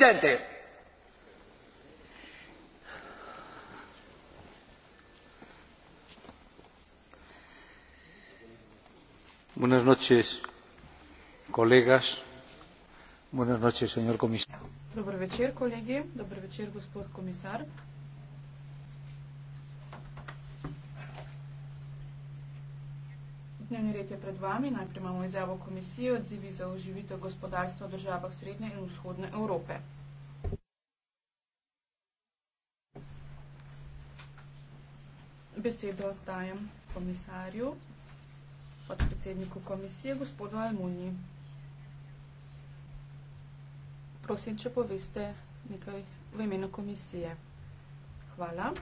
presidente buenas noches colegas buenas noches señor comisario dobro večer kolegi dobro večer gospod komisar dnevni red je pred vami. Najprej imamo izjavo komisije odzivi za oživitev gospodarstva v državah Srednje in Vzhodne Evrope. Besedo dajem komisarju, podpredsedniku komisije, gospodu Almuni. Prosim, če poveste nekaj v imenu komisije. Hvala.